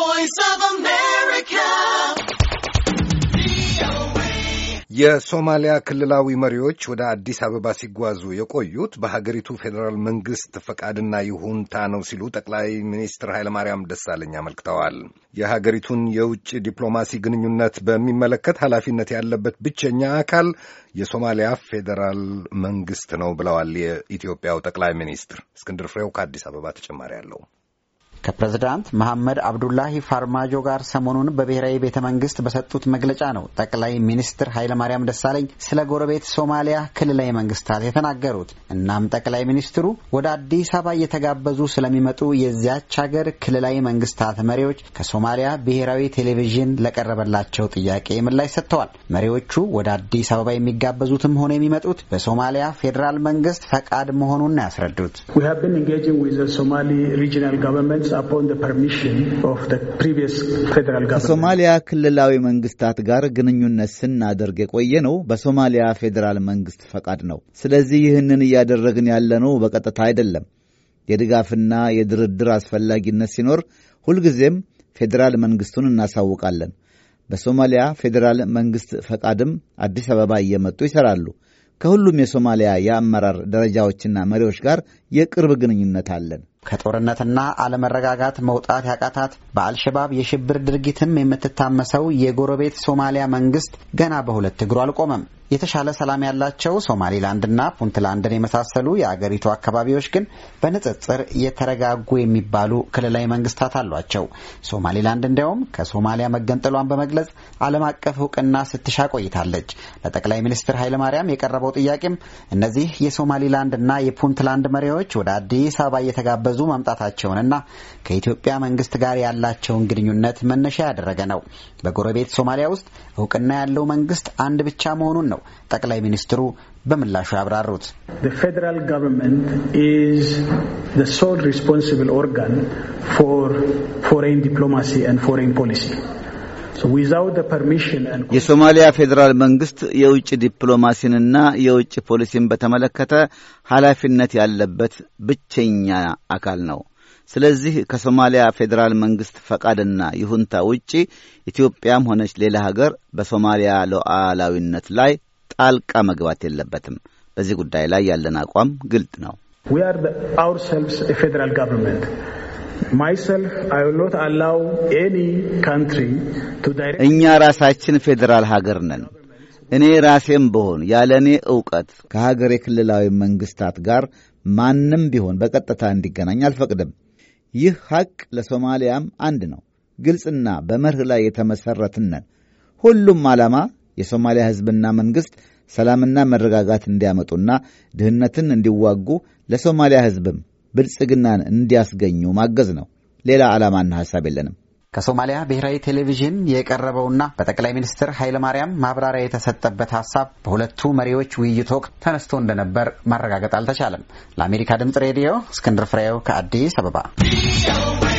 voice of America. የሶማሊያ ክልላዊ መሪዎች ወደ አዲስ አበባ ሲጓዙ የቆዩት በሀገሪቱ ፌዴራል መንግስት ፈቃድና ይሁንታ ነው ሲሉ ጠቅላይ ሚኒስትር ኃይለማርያም ደሳለኝ አመልክተዋል። የሀገሪቱን የውጭ ዲፕሎማሲ ግንኙነት በሚመለከት ኃላፊነት ያለበት ብቸኛ አካል የሶማሊያ ፌዴራል መንግስት ነው ብለዋል የኢትዮጵያው ጠቅላይ ሚኒስትር። እስክንድር ፍሬው ከአዲስ አበባ ተጨማሪ አለው። ከፕሬዝዳንት መሐመድ አብዱላሂ ፋርማጆ ጋር ሰሞኑን በብሔራዊ ቤተ መንግስት በሰጡት መግለጫ ነው ጠቅላይ ሚኒስትር ኃይለማርያም ደሳለኝ ስለ ጎረቤት ሶማሊያ ክልላዊ መንግስታት የተናገሩት። እናም ጠቅላይ ሚኒስትሩ ወደ አዲስ አበባ እየተጋበዙ ስለሚመጡ የዚያች ሀገር ክልላዊ መንግስታት መሪዎች ከሶማሊያ ብሔራዊ ቴሌቪዥን ለቀረበላቸው ጥያቄ ምላሽ ሰጥተዋል። መሪዎቹ ወደ አዲስ አበባ የሚጋበዙትም ሆነ የሚመጡት በሶማሊያ ፌዴራል መንግስት ፈቃድ መሆኑን ያስረዱት ከሶማሊያ ክልላዊ መንግስታት ጋር ግንኙነት ስናደርግ የቆየ ነው በሶማሊያ ፌዴራል መንግስት ፈቃድ ነው። ስለዚህ ይህንን እያደረግን ያለነው በቀጥታ አይደለም። የድጋፍና የድርድር አስፈላጊነት ሲኖር ሁልጊዜም ፌዴራል መንግስቱን እናሳውቃለን። በሶማሊያ ፌዴራል መንግስት ፈቃድም አዲስ አበባ እየመጡ ይሰራሉ ከሁሉም የሶማሊያ የአመራር ደረጃዎችና መሪዎች ጋር የቅርብ ግንኙነት አለን። ከጦርነትና አለመረጋጋት መውጣት ያቃታት በአልሸባብ የሽብር ድርጊትም የምትታመሰው የጎረቤት ሶማሊያ መንግስት ገና በሁለት እግሩ አልቆመም። የተሻለ ሰላም ያላቸው ሶማሊላንድና ፑንትላንድን የመሳሰሉ የአገሪቱ አካባቢዎች ግን በንጽጽር የተረጋጉ የሚባሉ ክልላዊ መንግስታት አሏቸው። ሶማሊላንድ እንዲያውም ከሶማሊያ መገንጠሏን በመግለጽ ዓለም አቀፍ እውቅና ስትሻ ቆይታለች። ለጠቅላይ ሚኒስትር ኃይለማርያም የቀረበው ጥያቄም እነዚህ የሶማሊላንድና የፑንትላንድ መሪዎች ወደ አዲስ አበባ እየተጋበ መምጣታቸውን መምጣታቸውንና ከኢትዮጵያ መንግስት ጋር ያላቸውን ግንኙነት መነሻ ያደረገ ነው። በጎረቤት ሶማሊያ ውስጥ እውቅና ያለው መንግስት አንድ ብቻ መሆኑን ነው ጠቅላይ ሚኒስትሩ በምላሹ ያብራሩት። ፌዴራል ገቨርንመንት ኢዝ ዘ ሶል ሪስፖንሲብል ኦርጋን ፎር ፎሬን ዲፕሎማሲ ኤንድ ፎሬን ፖሊሲ የሶማሊያ ፌዴራል መንግስት የውጭ ዲፕሎማሲንና የውጭ ፖሊሲን በተመለከተ ኃላፊነት ያለበት ብቸኛ አካል ነው። ስለዚህ ከሶማሊያ ፌዴራል መንግስት ፈቃድና ይሁንታ ውጪ ኢትዮጵያም ሆነች ሌላ ሀገር በሶማሊያ ሉዓላዊነት ላይ ጣልቃ መግባት የለበትም። በዚህ ጉዳይ ላይ ያለን አቋም ግልጥ ነው። እኛ ራሳችን ፌዴራል ሀገር ነን። እኔ ራሴም ብሆን ያለ እኔ ዕውቀት ከሀገር የክልላዊ መንግሥታት ጋር ማንም ቢሆን በቀጥታ እንዲገናኝ አልፈቅድም። ይህ ሐቅ ለሶማሊያም አንድ ነው። ግልጽና በመርህ ላይ የተመሠረትን ነን። ሁሉም ዓላማ የሶማሊያ ሕዝብና መንግሥት ሰላምና መረጋጋት እንዲያመጡና ድህነትን እንዲዋጉ ለሶማሊያ ሕዝብም ብልጽግናን እንዲያስገኙ ማገዝ ነው። ሌላ ዓላማና ሐሳብ የለንም። ከሶማሊያ ብሔራዊ ቴሌቪዥን የቀረበውና በጠቅላይ ሚኒስትር ኃይለማርያም ማብራሪያ የተሰጠበት ሀሳብ በሁለቱ መሪዎች ውይይት ወቅት ተነስቶ እንደነበር ማረጋገጥ አልተቻለም። ለአሜሪካ ድምፅ ሬዲዮ እስክንድር ፍሬው ከአዲስ አበባ